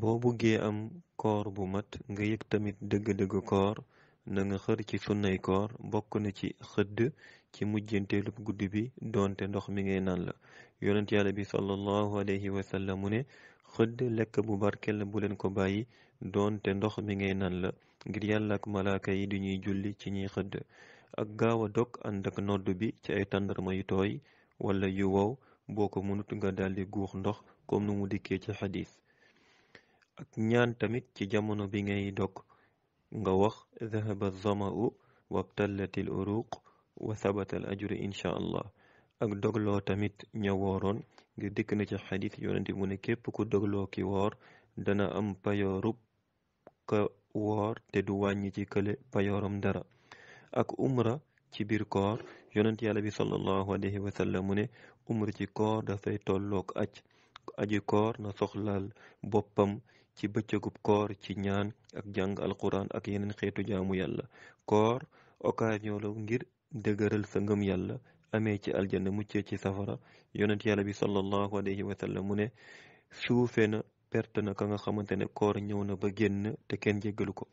boo buggee am koor bu mat nga yëg tamit dëgg-dëgg koor na nga xër ci sunnay koor bokk na ci xëdd ci mujjanteelu guddi bi doonte ndox mi ngay naan la yonent yàlla bi sallallahu alayhi wa sallam mu ne xëdd lekk bu barkel bu leen ko bàyyi doonte ndox mi ngay naan la ngir yàlla ak malaaka yi du ñuy julli ci ñuy xëdd ak gaaw a dog ànd ak nodd bi ci ay tàndarma yu tooy walla yu wow boo ko mënut nga daldi guux ndox comme nu mu dikkee ci xadis ñaan tamit ci jamono bi ngay dog nga wax dhahaba zama'u wabtallatil uruq wa thabatal ajru incha allah ak dogloo tamit ña wooroon ngir dikk na ci xadis yonente mu ne képp ku dogloo ki woor dana am payoorub ka woor te du wàññi ci kële payooram dara ak umra ci biir kor yonent yàlla bi sallallahu alayhi wa sallam mu ne umra ci koor dafay tolloog aj aji koor na soxlaal boppam ci bëccëgub koor ci ñaan ak jàng alquran ak yeneen xeetu jaamu yàlla koor occasion la ngir dëgëral sa ngëm yàlla amee ci aljanna muccee ci safara yonent yàlla bi sallallahu alayhi wa sallam mu ne suufe na perte na ka nga xamante ne koor ñëw na ba génn te kenn jéggalu ko